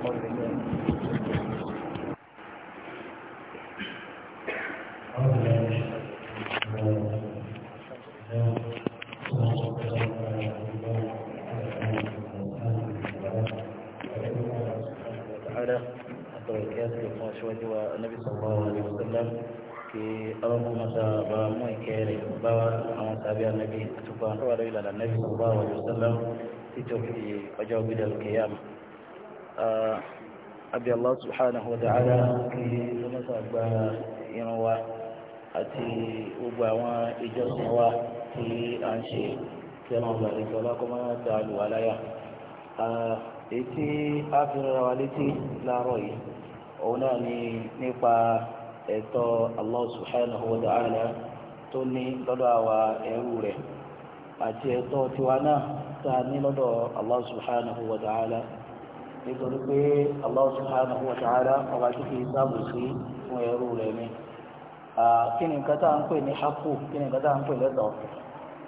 النبي صلى الله عليه وسلم في توحيد أجاب إلى القيامة àbí Allah subhanahu wa ta'ala kí lọ́mọ́sà gba irun wa àti gbogbo àwọn ìjọsìn wa tí a ń ṣe kí ọmọ ọgbà lè sọlá kọ́ máa da àlùwà láyà. ètí àfihàn wa létí láàárọ̀ yìí òun náà ni nípa ẹ̀tọ́ Allah subhanahu wa ta'ala tó ní lọ́dọ̀ àwa ẹrú rẹ̀ àti ẹ̀tọ́ tiwa náà tá a ní lọ́dọ̀ Allah subhanahu wa ta'ala. nítorí pé Allah subhanahu wa ta'ala ọba tí sáàbù sí fún ẹrú rẹ̀ ni kí ni nǹkan tá ń pè ní hapu kí ni nǹkan tá ń pè lẹ́tọ̀ọ́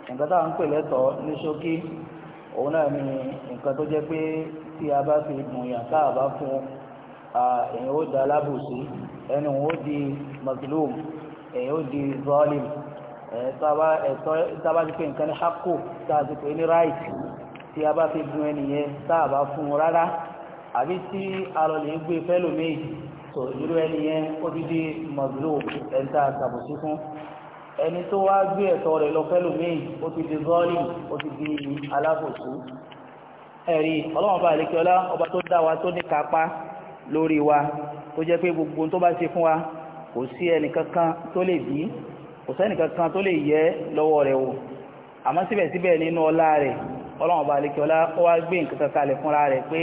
nǹkan ń pè ní ṣókí òun náà ni nǹkan tó jẹ́ a bá fi da ó di mazlum èèyàn ó di zalim tába ti pé nǹkan ní hapu ti pè ní tí a bá fi bá fún àbí tí arọ̀lẹ̀ gbé fẹ́lò méjì tó irú ẹni yẹn ó ti di mọ̀gbìlò ẹ̀ńtà àtàbòsí fún ẹni tó wá gbé ẹ̀tọ́ rẹ̀ lọ fẹ́lò méjì ó ti di gọ́ọ̀lì ó ti di alábòsí ẹ̀rí ọlọ́wọ́n bá àlékiọlá ọba tó dá wa tó ní kápá lórí wa tó jẹ́ pé gbogbo tó bá ṣe fún wa kò sí ẹnìkankan tó lè bí kò sẹ́nìkankan tó lè yẹ lọ́wọ́ rẹ̀ wò àmọ́ síbẹ̀síbẹ̀ nínú ọlá rẹ̀ ọlọ́wọ́n bá ó wá gbé nǹkan kalẹ̀ fúnra rẹ̀ pé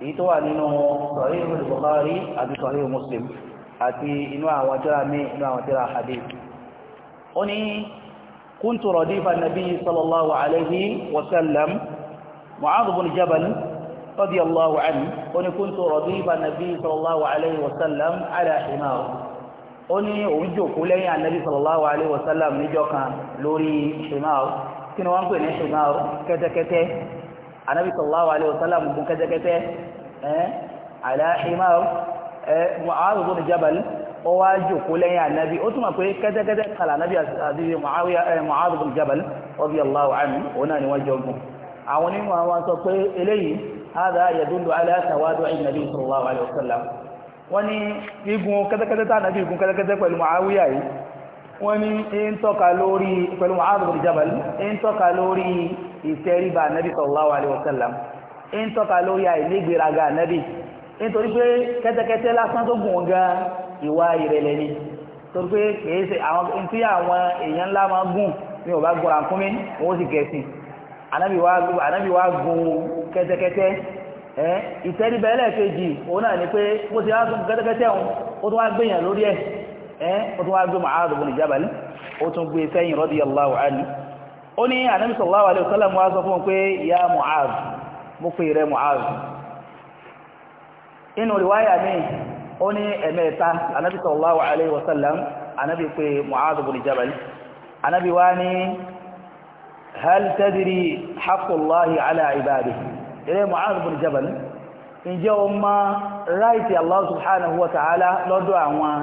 èyí tó wà nínú Sahih Bukhari àti Sahih Muslim àti inú àwọn tírà mi inú àwọn tírà hadith ó ní كنت رديف النبي صلى الله عليه وسلم معاذ بن جبل رضي الله عنه وني كنت رديف النبي صلى الله عليه وسلم على حمار وني وجوك لي النبي صلى الله عليه وسلم نجوكا لوري حمار كنوا نقول حمار كتكته anabi sallallahu alayhi wa sallam gun kẹ́tẹ́kẹ́tẹ́ ẹ́ aláhìmáà ẹ́ mu'awiya bin jabal ó wá jòkó lẹ́yìn anabi ó túnmọ̀ pé kẹ́tẹ́kẹ́tẹ́ kàlà anabi àti mu'awiya bin jabal radiyallahu anhu òun náà ni wọ́n jọ gùn àwọn onímọ̀ àwọn sọ pé eléyìí hada yadullu ala tawadu'i nabi sallallahu alayhi wa sallam wọ́n ní igun kẹ́tẹ́kẹ́tẹ́ tá anabi igun kẹ́tẹ́kẹ́tẹ́ pẹ̀lú mu'awiya yìí wọ́n ní ń tọ́ka lórí mu'awiya bin jabal ń tọ́ka lórí ìtẹríba ànábì sallallahu alaihi wasallam ń tọ́ka lórí àìlégbèraga ànábì nítorí pé kẹ́tẹ́kẹ́tẹ́ lásán tó gùn gan ìwà ìrẹ̀lẹ̀ ni torí pé kìí ṣe àwọn tí àwọn èèyàn ńlá máa gùn ní ọba gùn àkúnmí òun sì gẹ̀ẹ́sì ànábì wa gùn kẹ́tẹ́kẹ́tẹ́ ẹ ìtẹríba ẹlẹ́ẹ̀kejì òun náà ni pé bó ti wá gùn kẹ́tẹ́kẹ́tẹ́ òun ó tún wá gbèyàn lórí ẹ̀ ẹ ó ní ànábì sallallahu alaihi wasallam wá sọ fún wọn pé ya Mu'az mú pé rẹ Mu'az inú riwaya mi ó ní ẹ̀mẹ́ta ànábì sallallahu alaihi wasallam ànábì pé Mu'az ibn Jabal ànábì wá ní hal tadri haqqullahi ala ibadihi rẹ Mu'az ibn Jabal ǹjẹ́ o ma ráìtì Allah subhanahu wa ta'ala lọ́dọ̀ àwọn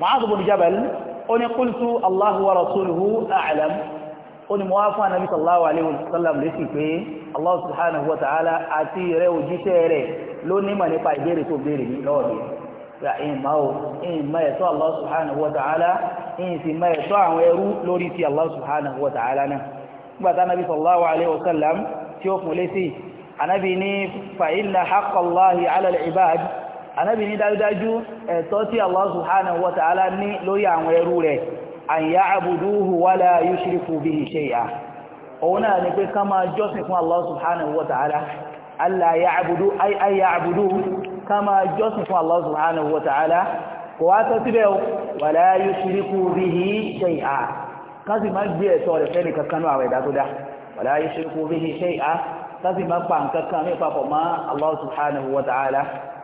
معاذ بن جبل أني قلت الله ورسوله أعلم أني موافع النبي صلى الله عليه وسلم لسيكي الله سبحانه وتعالى أتيري وجيشيري لوني ما نبقى إجيري تبيري لوني يا إيماو ما يسوى الله سبحانه وتعالى إيما يسوى ويرو لوري في الله سبحانه وتعالى بعد النبي صلى الله عليه وسلم شوف مليسي بيني فإن حق الله على العباد anábì ní dájúdájú ẹ̀tọ́ tí Allah subhanahu wa ta'ala ní lórí àwọn ẹrú rẹ̀ an ya'buduhu wala yushriku bihi shay'a òun náà ni pé ká máa jọ́sìn fún Allah subhanahu wa ta'ala alla ya'budu ay ay ya'budu ká máa jọ́sìn fún Allah subhanahu wa ta'ala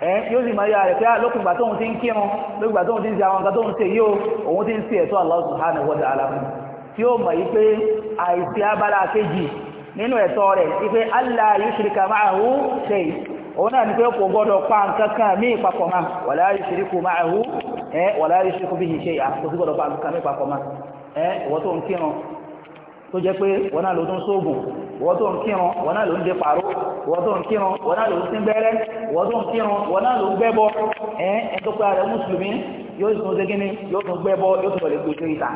ẹ yóò sì máa yá rẹ̀ pé ah, lókùngbà tóun ti ń kírun lókùngbà tóun ti ń ṣe àwọn nǹkan tóun ṣe yóò òun ti ń ṣe ẹ̀tọ́ Allah subhanahu wa ta'ala tí ó mọ̀ yí pé àìsí abala kejì nínú ẹ̀tọ́ rẹ̀ ma'ahu òun náà ni pé kò gbọ́dọ̀ pa nǹkan kan ní ìpapọ̀ máa wala yushriku ma'ahu ẹ wala yushriku bihi tó jẹ́ pé wọn náà ló tún sóògùn wọ́n tó ń kírun wọ́n náà ló ń dé pàró wọ́n tó ń kírun wọ́n náà ló ń sín gbẹ́rẹ́ wọ́n tó ń kírun wọ́n náà ló ń gbẹ́bọ ẹ̀ẹ́n ẹ̀tọ́pẹ́ rẹ̀ mùsùlùmí yóò tún ṣe gíní yóò tún gbẹ́bọ yóò tún lọ́lẹ̀ gbèsè ìta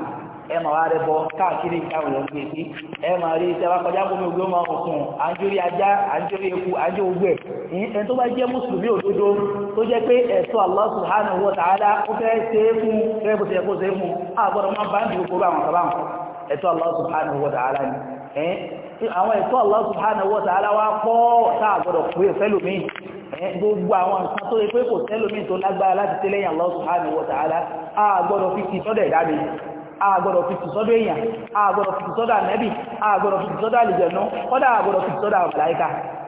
ẹ máa wá rẹ bọ káàkiri káwọn èèyàn gbé sí ẹ máa rí tẹ bá kọjá gómi ògbé máa sùn àńjórí ajá àńjórí eku àńjó ogbẹ ẹ tó bá jẹ mùsùlùmí òdodo tó jẹ pé ẹ̀tọ́ Allah subhanahu wa ta'ala ó fẹ́ ṣe é fún fẹ́ bó ṣe kó ṣe é fún àgbọdọ máa bá ń dùn kó bá àwọn kọ wọn ẹ̀tọ́ Allah subhanahu wa ta'ala ni ẹ́ àwọn ẹ̀tọ́ Allah subhanahu wa ta'ala wá pọ̀ sáà gbọ́dọ̀ pé fẹ́lòmí gbogbo àwọn nǹkan tó yẹ pé kò tẹ́lòmí tó lágbára láti tẹ́lẹ̀yìn Allah subhanahu wa ta'ala a gbọ́dọ̀ fi ti sọ́dọ̀ ẹ̀dá mi a gbọ́dọ̀ fi ti sọ́dọ̀ èèyàn a gbọ́dọ̀ fi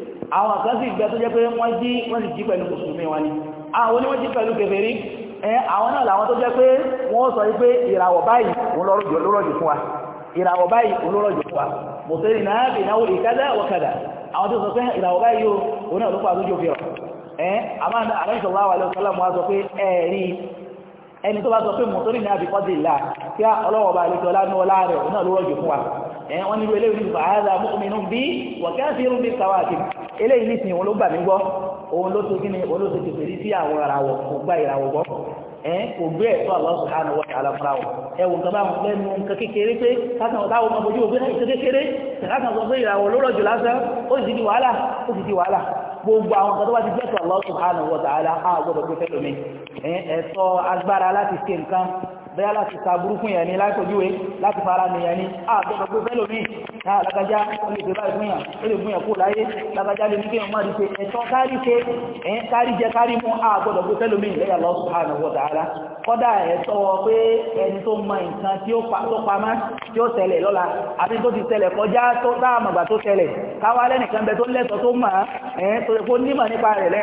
àwọn kan sì gbẹ́ tó jẹ́ pé wọ́n jí wọ́n sì jí pẹ̀lú mùsùlùmí wọn ni àwọn ni wọ́n jí pẹ̀lú kèfèrí ẹ àwọn náà làwọn tó jẹ́ pé wọ́n sọ wípé ìràwọ̀ báyìí òun lọ́rọ̀jù fún wa ìràwọ̀ báyìí òun lọ́rọ̀jù fún wa mùsùlùmí náà bì náwó ìkádà wọ́kadà àwọn tó sọ pé ìràwọ̀ báyìí òun náà ló pa àtúnjò fi ọ̀ ẹ́ àmà àrẹ́sọ̀lá wà lọ́sọ́lá mọ́ sọ pé ẹ̀rí ẹni tó bá sọ pé mùsùlùmí náà bí kọ́dì ìlà kí ọlọ́wọ̀ bá lè tọ́lá ọlá rẹ̀ náà ló rọ̀jù fún wa ẹ̀ wọ́n nílò eléyìí ní fàáza mọ́kùnrin bí wọ̀kẹ́ sí irú bí kàwáàkiri eléyìí nísìnyí òun ló gbà mí gbọ́ òun ló ti kíni òun ló ti tètè rí sí àwọn ìràwọ̀ kò gba ìràwọ̀ gbọ́ ẹ kò gbé ẹ̀tọ́ Allah subhanahu wa ta'ala fúnra wọn ẹ wò nǹkan bá wọn lẹ́nu nǹkan kékeré pé kákan táwọn ọmọ ojú òbí náà kékeré kákan sọ pé ìràwọ̀ ló rọ̀jù lásán ó sì di wàhálà ó sì di wàhálà gbogbo àwọn nǹkan tó bá ti gbẹ́tọ̀ Allah subhanahu wa ta'ala á gbọ́dọ̀ gbé fẹ́ lómi ẹ̀tọ́ agbára láti ṣe nǹkan bẹ́yà láti ta burúkú yẹn ni láìpọ̀júwé láti fara nìyẹn ni àbẹ̀bẹ̀ pé fẹ́lò míì lágbàjá olè fẹ́ báyìí fúnyà olè fúnyà kó láyé lágbàjá lè ní kí wọ́n rí pé ẹ̀tọ́ kárí pé ẹ̀ kárí jẹ kárí mú àgbọ̀dọ̀ pé fẹ́lò míì lẹ́yà lọ́sùn àná wọ̀ dáadáa kọ́dà ẹ̀tọ́ pé ẹni tó mọ nǹkan tí ó pamá tí ó ṣẹlẹ̀ lọ́la àbí tó ti ṣẹlẹ̀ kọjá tó dáàmàgbà tó ṣẹlẹ̀ káwá lẹ́nìkan bẹ tó lẹ́tọ̀ tó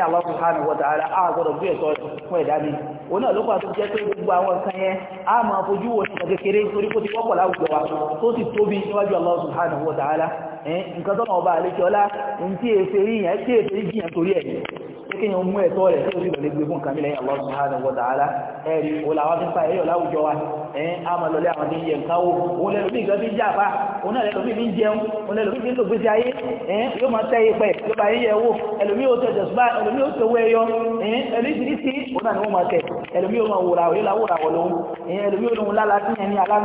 Allah subhanahu wa ta'ala àgbọ̀dọ̀ bí ẹ̀tọ́ fún ẹ̀dá mi òun náà ló pàtó jẹ́ pé gbogbo àwọn a máa fojú wo nǹkan kékeré torí kó ti wọ́pọ̀ láwùjọ wa tó sì tóbi níwájú Allah subhanahu wa ta'ala nǹkan tọ́nà ọba àlejò ọlá ní kí yẹn mú ẹ̀tọ́ rẹ̀ tí ó sì lọlé gbé fún kàmílẹ̀ Allah subhanahu wa ta'ala ẹ̀rí olàwà fi ń fa ẹ̀yọ̀ láwùjọ wa ẹ̀yìn àmàlọ́lẹ́ àwọn tí ń yẹ nǹkan wò òun lẹ́nu bí nǹkan fi ń jà fa òun náà lẹ́nu bí fi ń jẹun òun lẹ́nu bí fi ń lò gbèsè ayé ẹ̀yìn yóò máa tẹ́ ipẹ̀ yóò bá yín yẹ wò ẹlòmí ó tẹ̀ ni wọ́n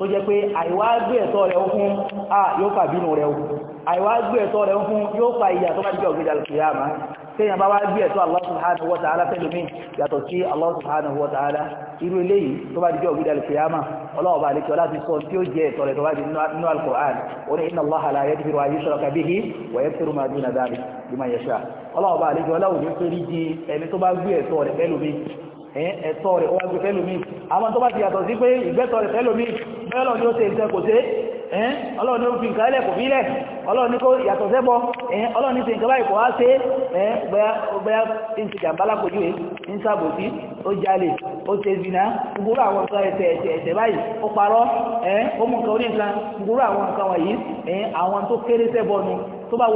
tó jẹ́ pé àìwá gbé ẹ̀tọ́ rẹ̀ fún à yóò fà bínú rẹ̀ àìwá gbé ẹ̀tọ́ rẹ̀ fún yóò fà ìyà tó bá jẹ́ ọ̀gbẹ́dà lùkìyàmá tẹ́yàn bá wá gbé ẹ̀tọ́ Allah subhanahu wa ta'ala fẹ́lúmí yàtọ̀ sí Allah subhanahu wa ta'ala irú eléyìí tó bá jẹ́ ọ̀gbẹ́dà lùkìyàmá ọlọ́ọ̀bá àlekẹ́ láti sọ tí ó jẹ́ ẹ̀tọ́ rẹ̀ tó bá jẹ́ nínú al-Qur'an ó ní inna Allaha la yaghfiru an yushraka bihi gbé ẹ̀tọ́ rẹ̀ àwọn tó bá ti yàtọ̀ sí pé ìgbẹ́tọ̀ rẹ̀ fẹ́lúmí ọlọ́run ni ó ṣe nǹkan kò ṣe ẹ́n ọlọ́run ni ó fi nǹkan ilẹ̀ kò fílẹ̀ ọlọ́run ni kó yàtọ̀ sẹ́bọ ẹ́n ọlọ́run ni ṣe nǹkan báyìí kò wá ṣe ẹ́n gbẹ́yà ń ti jàmbá lápòjú ẹ̀ ń sàbòsí ó jalè ó ṣe zina gbogbo àwọn nǹkan ẹ̀ṣẹ̀ ẹ̀ṣẹ̀ ẹ̀ṣẹ̀ báyìí ó parọ́ ẹ́n ó mú nǹkan oníkan gbogbo àwọn nǹkan wọ̀nyí ẹ́n àwọn tó kéré sẹ́bọ nu tó bá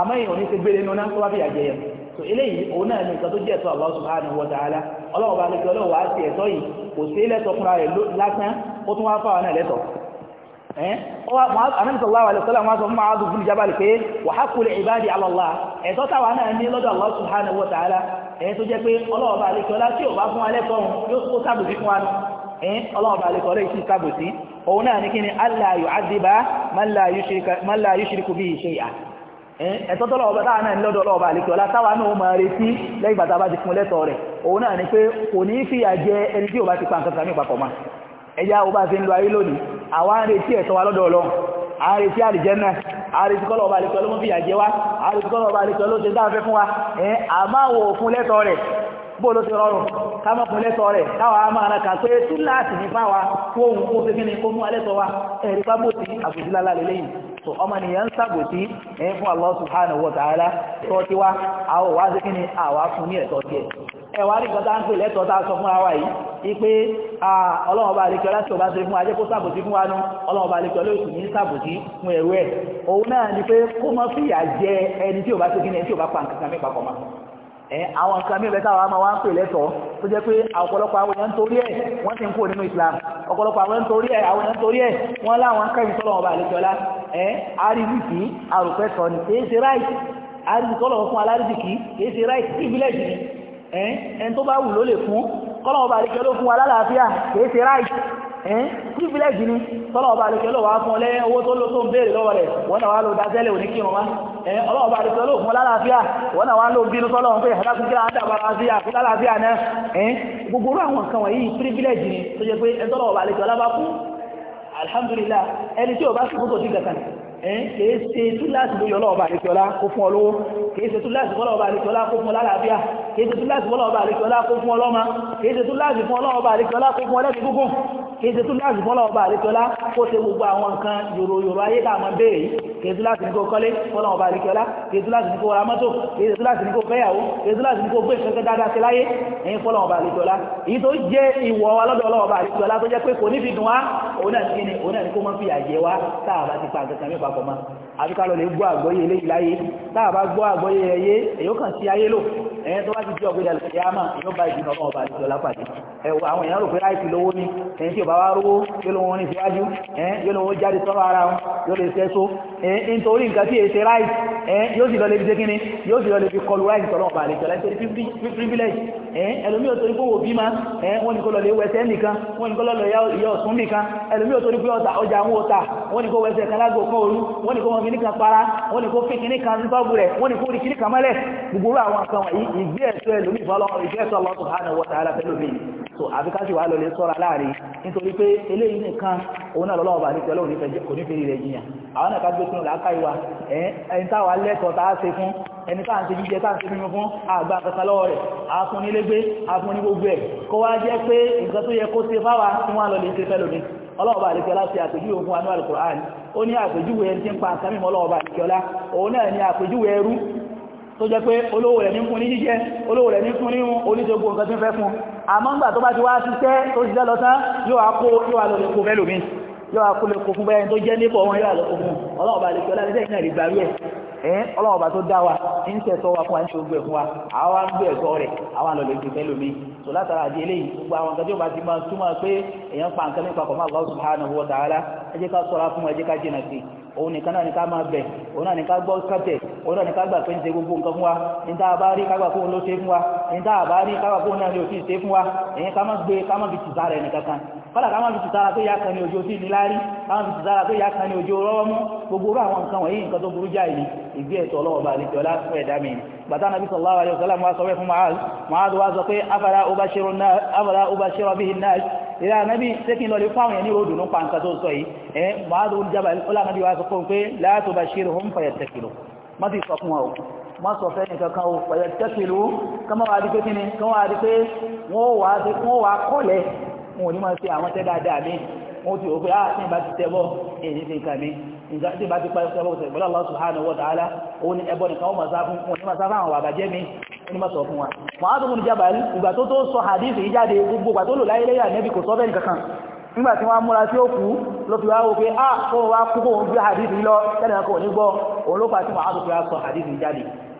àmọ́ èèyàn ní ti gbére nínú náà tó bá fìyà jẹ̀yà tó eléyìí òun náà ní nǹkan tó jẹ́ ẹ̀tọ́ Allah subhanahu wa ta'ala ọlọ́run bá ní kí ọlọ́run wá sí ẹ̀tọ́ yìí kò sí lẹ́tọ̀ fúnra rẹ̀ lásán ó tún wá fáwọn náà lẹ́tọ̀ Ànábì sallallahu alaihi wasallam wọ́n sọ fún Mu'adh bin Jabal pé wa haqqul ibadi ala Allah ẹ̀tọ́ táwa náà ní lọ́dọ̀ Allah subhanahu wa ta'ala ẹ̀yẹ tó jẹ́ pé ọlọ́run bá àlekọ́ lá tí ní kí ni Allah yu'adhiba man la yushriku bihi ẹ̀tọ́ tọ́lọ̀ ọba táà náà lọ́dọ̀ ọlọ́ọba àlekè ọlá táwa náà máa retí lẹ́yìn bàtà bá ti fún lẹ́tọ̀ọ́ rẹ̀ òun náà ni pé kò ní fìyà jẹ ẹni tí ò bá ti pa nǹkan kan ní ìpapọ̀ mọ́ ẹ̀yà ọba fi ń lo ayé lónìí àwa ń retí ẹ̀tọ́ wa lọ́dọ̀ ọlọ́run à ń retí àlìjẹ́nà à ń retí kọ́lọ̀ ọba àlekè ọlọ́mọ fìyà jẹ wa à ń retí kọ́lọ̀ ọba àlekè ọlọ́sẹ̀ dáa fẹ́ fún wa ẹ̀ àmọ́ àwọ̀ òfun lẹ́tọ̀ọ́ rẹ̀ bó ló ti rọrùn ká mọ́ rẹ̀ káwa á máa kà pé túláàsì ní fáwa kó òun kó fi kí kó mú alẹ́tọ̀ọ́ wa ẹ̀rí pábòtì àbòjúlálá lélẹ́yìn so ọmọ nìyẹn ń ṣàbòsí ẹ̀yìn fún Allah subhanahu wa ta'ala tó ti wá àwọ̀ wá sí kíni àwà fún ní ẹ̀tọ́ tiẹ̀ ẹ̀wà rí nǹkan tá ń pè lẹ́tọ́ tá a sọ fún ara yìí wípé ọlọ́run ọba àlekẹ́ láti ọba ṣe fún ajé kó ṣàbòsí fún wa nú ọlọ́run ọba àlekẹ́ ní ṣàbòsí fún ẹ̀rú ẹ̀ òun náà ni pé kó mọ́ fìyà jẹ ẹni tí ò bá ṣe kíni ẹni tí ò bá pa nǹkan kan mẹ́pàá pọ̀ àwọn nǹkan mí ìbẹ́ta àwọn àwọn pè lẹ́tọ̀ọ́ tó jẹ́ pé ọ̀pọ̀lọpọ̀ àwọn èèyàn torí ẹ̀ wọ́n ti ń kó nínú Islam ọ̀pọ̀lọpọ̀ àwọn torí ẹ̀ àwọn èèyàn torí ẹ̀ wọ́n láwọn kẹ́rin tọ́lọ̀ ọba àlejọ́lá ẹ́ àríwìsí right àríwìsí tọ́lọ̀ fún alárìsìkì kìí right privilege ni ẹ́ ẹni tó bá wù ló lè fún kọ́lọ̀ ọba àlejọ́ló fún alálàáfíà right ẹ́n privilege ni tọ́lọ̀ ọba àlekẹ́ lọ́wọ́ á fún ọ lẹ́yìn owó tó ló tó ń béèrè lọ́wọ́ rẹ̀ wọ́n náà wá ló dáṣẹ́lẹ̀ òní kírun wá ẹ́n ọlọ́wọ́ ọba àlekẹ́ lọ́wọ́ fún lálàáfíà wọ́n náà wá ló bínú tọ́lọ̀ ń pè àdákùnkí àdábàlàáfíà fún lálàáfíà náà ẹ́n gbogbo orú àwọn nǹkan ẹ̀yìn kìí ṣe túláàsì ló yọ ọlọ́ọ̀bà àríkíọlá kó fún ọlọ́wọ́ kìí ṣe túláàsì bọ́lọ̀ọ̀bà àríkíọlá kó fún ọlálàáfíà kìí ṣe túláàsì bọ́lọ̀ọ̀bà àríkíọlá kó fún ọlọ́mà kìí ṣe túláàsì fún ọlọ́ọ̀bà àríkíọlá kó fún ọlẹ́bí gúngùn kìí ṣe túláàsì bọ́lọ̀ọ̀bà àríkíọlá kó ṣe gbogbo àwọn nǹkan yòròyòrò ayé tá a máa béèrè yìí kèétú láti ní kó kọ́lé fọ́nà ọba àríkẹ́lá kèétú láti ní kó ra mọ́tò kèétú láti ní kó fẹ́yàwó kèétú láti ní kó gbé ìfẹ́fẹ́ dáadáa sí láyé ẹ̀yìn fọ́nà ọba àríkẹ́lá èyí tó jẹ́ ìwọ̀ wa lọ́dọ̀ ọlọ́ọba àríkẹ́lá tó jẹ́ pé kò ní fi dùn wá òun náà ní òun náà ní kó mọ́ fi àjẹ wá táà bá ti pa nǹkan kan nípa pọ̀ mọ́ àbíkálọ̀ lè gbọ́ àgbọ́yé eléyìí láyé táà bá gbọ́ àgbọ́yé ẹyẹ èyí ó ẹ̀yẹn tó bá ti jẹ́ ọ̀gbẹ́dà lè yá máa yóò bá ìdìnnà ọmọ ọba àdìjọ lápàdé ẹ̀wọ̀ àwọn èèyàn rò pé láìsí lówó ní ẹ̀yìn tí ò bá wá rówó yóò lówó ní síwájú ẹ̀yìn yóò lówó jáde tọ́rọ ara wọn yóò lè sẹ́só ẹ̀yìn nítorí nǹkan tí èsè ráìsì ẹ̀yìn yóò sì lọ lè fi dékíní yóò sì lọ lè fi kọlu ráìsì tọ́lọ́ ọba àlejò láìsí privilege ẹ̀yìn ẹlòmíì ò torí pé wò bímá ẹ̀yìn wọn ni kó lọ lè wẹsẹ̀ nìkan wọn ni kó lọ lọ yọ ọ̀sùn nìkan ẹlòmíì ò torí pé ọjà àwọn ọ̀tà wọn ni kó wẹsẹ̀ kan lágbo kan òru wọn ni kó wọn fi níkan para wọn ni kó fi kíníkan sí tọ́ọ̀bù rẹ̀ wọn ni kó rí kíníkan mọ́lẹ̀ gbogbo àwọn nǹkan wọ̀nyí ìgbé ẹ̀sọ́ ẹlòmí fọlọ́run ìgbé ẹ̀sọ́ Allah subhanahu wa ta'ala fẹ́lómi so àfikáṣí wà lọ lè sọ́ra láàrin nítorí pé eléyìí nìkan òun náà lọ́wọ́ bá ní pẹ̀lú kò ní fèrè rẹ̀ jiyàn àwọn náà ká gbé sínú làákàyè wa ẹni táwa lẹ́kọ̀ọ́ tá a ṣe fún ẹni tá à ń ṣe jíjẹ tá à ń ṣe mímu fún àgbà kankan lọ́wọ́ rẹ̀ afúnilégbé afúni gbogbo ẹ̀ kó wá jẹ́ pé nǹkan tó yẹ kó ṣe fáwa tí wọ́n lọ lè ṣe fẹ́lómi ọlọ́ọ̀bá àdìkẹ́lá ṣe àpèjúwe ogun anú Al-Qur'an ó ní àpèjúwe ẹni tí ń pa àkàmìmọ́ ọlọ́ọ̀bá àdìkẹ́lá òun náà ní àpèjúwe ẹrú tó jẹ́ pé olówó rẹ̀ ní fún ní jíjẹ olówó rẹ̀ ní fún ní oníṣogbo nǹkan tí ń fẹ́ fún àmọ́ngbà tó bá ti wá ṣiṣẹ́ tó ṣiṣẹ́ lọ tán yóò àkó yóò àlọ́lẹ̀kó bẹ́lòmí yóò àkó lẹ́kó fún bẹ́ẹ̀ tó jẹ́ nípọ̀ wọn yóò àlọ́kó fún ọlọ́ọ̀bà lè kí ọlá ẹ ọlọ́wọ́ bá tó dá wa ń tẹ̀sọ́ wa fún wa ń ogun ẹ̀ wa àwa ń gbé ẹ̀sọ́ rẹ̀ àwa lọ lè ju tẹ́lómi tó látara àdé eléyìí gbogbo àwọn nǹkan tí ó bá ti wa ká sọ́ra fún ká jìnà sí òun nìkan náà ni ká máa bẹ̀ òun náà ni ká gbọ́ kẹ́tẹ̀ òun náà ni ká gbà pé ń ṣe gbogbo nǹkan fún wa a bá rí ká gbà kóun ló ṣe fún wa ní bá rí náà ló fi ṣe fún wa èyí ká má gbé ká má kọ́lá káwọn fi tùtara pé yákan ní ojú tí ní lárí káwọn fi tùtara pé yákan ní ojú rọ́wọ́ mú gbogbo orú àwọn nǹkan wọ̀nyí nǹkan tó burú jáì ní ìgbé ẹ̀tọ́ ọlọ́wọ́ bá lè jọlá fún ẹ̀dá mi bàtà nàbí sallallahu alaihi wasallam wá sọ pé fún mahal mahal wá sọ pé afara ubashiru bihi nas ìlà nàbí sékin lọ lè fún àwọn ẹni ròdù ní pàǹkà tó sọ yìí ẹ mahal ó jábà fẹ́ nìkan kan o fayattakilu kọ́mọ́ wá kíni kọ́mọ́ wá wọ́n wá kọ́lẹ̀ wọn ò ní máa ṣe àwọn tẹ́ dáadáa mi wọn ti rò pé ah tí ìbá ti tẹ́bọ̀ èyí ti nǹkan mi ìjà tí ìbá ti parí tẹ́bọ̀ tẹ̀ pẹ̀lú Allah subhanahu wa ta'ala òun ni ẹbọ nìkan wọn máa sá fún wọn ní máa sá fún àwọn àbàjẹ́ mi wọn ní máa sọ fún wa. Mu'adh bin Jabal ìgbà tó tó sọ hadith yìí jáde gbogbo ìgbà tó lò láyé lẹ́yìn ànẹ́bì kò sọ bẹ́ẹ̀ nìkankan nígbà tí wọ́n múra tí ó kú ló fi wá wo pé ah kó wá kú kó òun gbé hadith yìí lọ tẹ́lẹ̀ kó òun ní gbọ́ òun ló fà á tí Mu'adh fi wá sọ hadith yìí jáde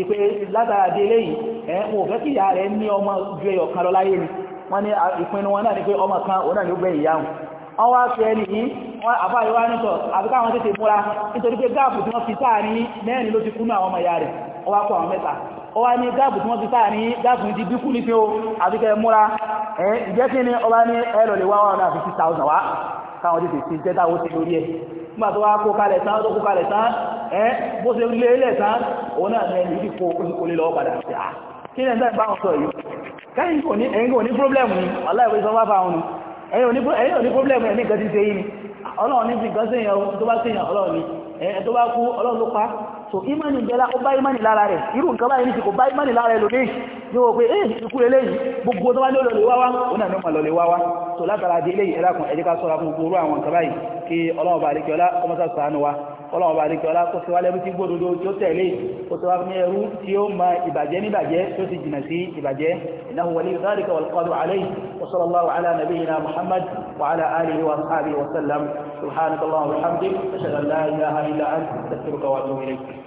Ipe látara di léyìí ẹ̀ wọn fẹ́ kí ìyá rẹ̀ ní ọmọ ju kan lọ láyé ni wọ́n ní ìpinnu ni pé ọmọ kan òun náà ló gbẹ ìyá wọ́n wá fẹ́ ẹni yìí wọ́n àfáàrí nítọ̀ àbíká àwọn tètè múra nítorí pé gáàbù tí wọ́n fi mẹ́rin ló ti ní àwọn ọmọ ìyá rẹ̀ ọwá kọ àwọn mẹ́ta ní gáàbù tí wọ́n fi ní ti ní pé múra ẹ̀ nígbà tó wá kó kalẹ̀ tán tó kó kalẹ̀ tán ẹ́ bó ṣe lé lẹ̀ tán òun náà ní ẹni ìdíkò olè lọ padà sí à kí lẹ́ńtà ìbá wọn sọ yìí káyìn kò ní ẹ̀yìn kò ní pírọ́blẹ̀mù ni aláìwé sọ wá bá wọn ẹ̀yìn ò ní pírọ́blẹ̀mù ẹ̀mí nǹkan ti ṣe yìí ni ọlọ́run ní ti nǹkan sí èèyàn tó bá sí èèyàn ọlọ́run ni ẹ̀ tó so imani ìjẹlá ó bá imani lára rẹ̀ irú nǹkan báyìí ní ti kò bá imani lára ni yóò pé eh ikú eléyìí gbogbo tó bá ní olóòlè wáwá ó náà ní ọmọ lọlẹ̀ wáwá so látara di eléyìí ẹlákùn ẹjẹ́ ká sọ́ra fún gbogbo àwọn nǹkan báyìí kí ọlọ́ọ̀bà àríkẹ́ọlá ọmọ sáà sàánú wa ọlọ́run bá dìkẹ́ ọlá kó sí wálé tí gbódodo tí ó tẹ̀lé kó sí wá ní ẹrú tí ó ma ìbàjẹ́ níbàjẹ́ tó ti jìnà sí ìbàjẹ́ innahu waliyyu dhalika wal qadiru alayhi wa sallallahu ala muhammad wa ala alihi wa sahbihi wa sallam wa bihamdik ashhadu an la ilaha illa anta astaghfiruka wa atubu ilayk